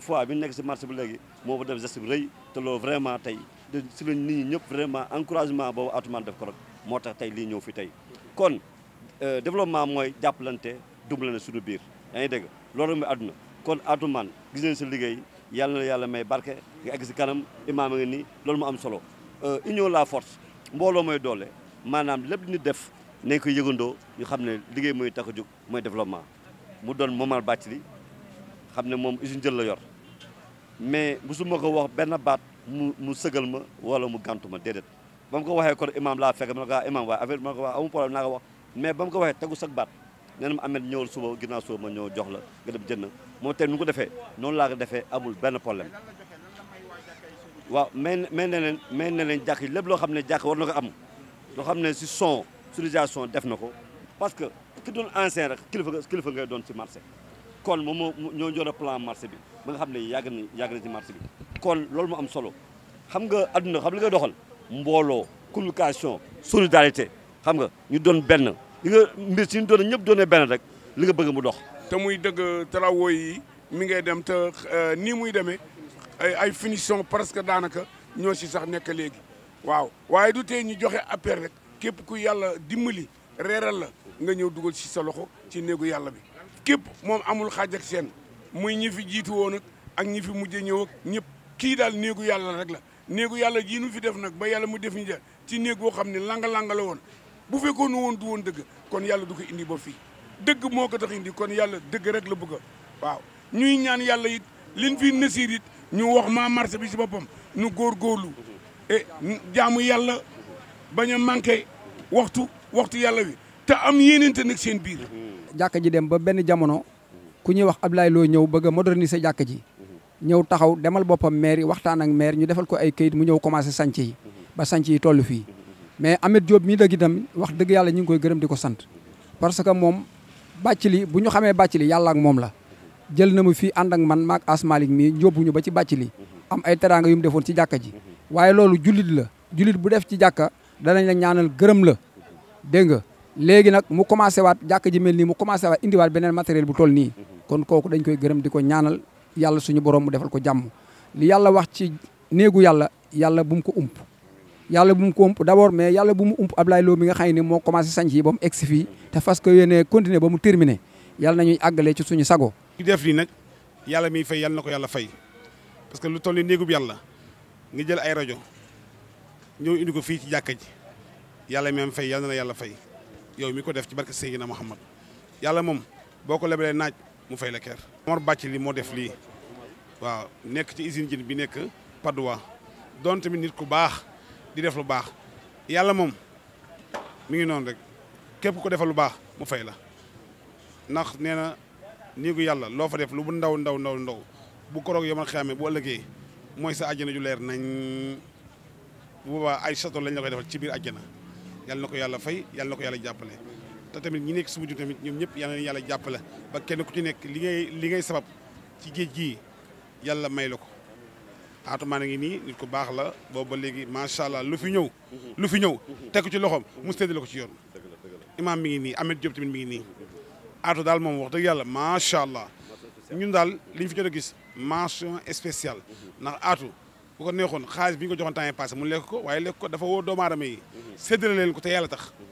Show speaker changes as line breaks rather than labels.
fois bi nekk si marché bu léegi moo fa def geste bi rëy te loolu vraiment tey de si lañ nit ñi ñëpp vraiment encouragement boobu Atoumane def ko rek moo tax tey lii ñëw fi tey kon euh, développement mooy jàppalante dumbalante suñu biir yaa ngi dégg loolu mooy àdduna kon Atoumane gis nañ sa liggéey yàlla yàlla may barke nga si kanam imaam nii loolu mu am solo euh, union la force mbooloo mooy doole maanaam lépp li ñu def nekk ko ñu xam ne liggéey mooy tax a jóg mooy développement mu doon Momar li xam ne moom usine jël la yor mais musuma ko wax benn baat mu mu ma wala mu gàntu ma déedéet ba mu ko waxee kon imam laa fekk ma ne ko ah wax amul problème ko wax mais ba mu ko waxee tegu sag baat nee na ma amet ñëwal suba ginnaaw suba ma ñëw jox la nga dem jënd moom tey nu ko defee noonu laa ko defee amul benn problème waaw mais mais ne leen mais ne leen jàkk yi lépp loo xam ne jàkk war na ko am loo xam ne si son utilisation def na ko parce que ki doon ancien rek kilifa kilifa ngay doon si marché kon moom moo ñoo jot a plan marché bi ma nga xam ne yàgg na yàgg na ci marché bi kon loolu mu am solo xam nga adduna xam li nga doxal mbooloo communication solidarité xam nga ñu doon benn li nga mbir si ñu doon ñëpp doonee benn rek li nga bëgg mu dox. te muy dëgg travaux yi mi ngay dem
te euh, nii muy demee ay finition que daanaka ñoo si sax nekk léegi waaw waaye du te ñu joxe appel rek képp ku yàlla dimbali reeral la nga ñëw dugal si sa loxo ci néegu yàlla bi. képp moom amul xaaj seen muy ñi fi jiitu woon ak ñi fi mujj ñëw ñëpp kii daal néegu yàlla rek la néegu yàlla jii fi def nag ba yàlla mu def ñu ja ci néeg boo xam ne langa-langa la woon bu fekkoon woon du woon dëgg kon yàlla dugg indi ba fii dëgg moo ko tax indi kon yàlla dëgg rek la bëgg waaw ñuy ñaan yàlla it liñ fi nasiir it ñu wax maa marché bi ci boppam nu góor e jaamu yàlla ba a manqué waxtu waxtu yàlla wi te am yéenente
nag seen jàkka ji dem ba benn jamono ku ñuy wax ab Ablaye loo ñëw bëgg a moderniser jàkka ji ñëw taxaw demal boppam maire yi waxtaan ak maire ñu defal ko ay kayit mu ñëw commencé sanc ba sanc yi toll fii mais Ameth Diop mii dëgg itam wax dëgg yàlla ñu ngi koy gërëm di ko sant parce que moom li bu ñu xamee li yàlla ak moom la jël na mu fii ànd ak man maak asmalik mii yóbbuñu ba ci li am ay teraanga yu mu defoon ci jàkka ji waaye loolu jullit la jullit bu def ci jàkka danañ la ñaanal gërëm la dégg nga léegi nag mu commencé waat jàkk ji mel nii mu commencé waat indiwaat beneen matériel bu toll nii mhm. kon kooku dañ koy gërëm di ko ñaanal yàlla suñu borom mu defal ko jàmm li yàlla wax ci néegu yàlla yàlla bu ko ump yàlla bu mu ko ump d' mais yàlla bu mu ump Ablaye Lo mi nga xam ne moo commencé sanc yi bam mu egg fii mhm. te fas ko yéene continuer ba mu terminé na ñuy àggale ci suñu sago
yi def lii nag yàlla miy fay yàlla na ko yàlla fay parce que lu toll nii néegub yàlla nga jël ay rajo ñëw indi ko fii ci jàkka ji yàlla mi fay yàlla na yàlla fay yow mi ko def ci barke Seydina Muhammad yàlla moom boo ko lebee naaj mu fay la ker Mor bàcc li moo def lii waaw nekk ci usine jën bi nekk Padoa doon tamit nit ku baax di def lu baax yàlla moom mu ngi noonu rek képp ku ko defal lu baax mu fay la ndax nee na néegu yàlla loo fa def lu bu ndaw ndaw ndaw ndaw bu koroog yomal xiyaame bu ëllëgee mooy sa àjjana ju leer nañ bu boobaa ay château lañ la koy defal ci biir àjjana yalla nako yalla fay yalla nako yalla jappale ta tamit ñi nekk si wujju tamit ñom ñëpp yalla na yàlla jàppale ba kenn ku ci nek li ngay li ngay sabab ci geej gi yalla may la ko aatumaa ngi nii nit ko bax la bo ba léegi macha allah lu fi ñew lu fi ñew teg ci loxom mu sédd ko ci yoon imam mi ngi ni Ahmed Diop tamit mi ngi ni aatu dal mom wax dëgg yàlla macha allah ñun dal li fi jot gis mention spéciale ndax aatu bu ko neexoon xaalis bi ñu ko joxoon temps mu lekk ko waaye lekk ko dafa woo doomu aadama yi mhm. séddale leen ko te yàlla tax mhm.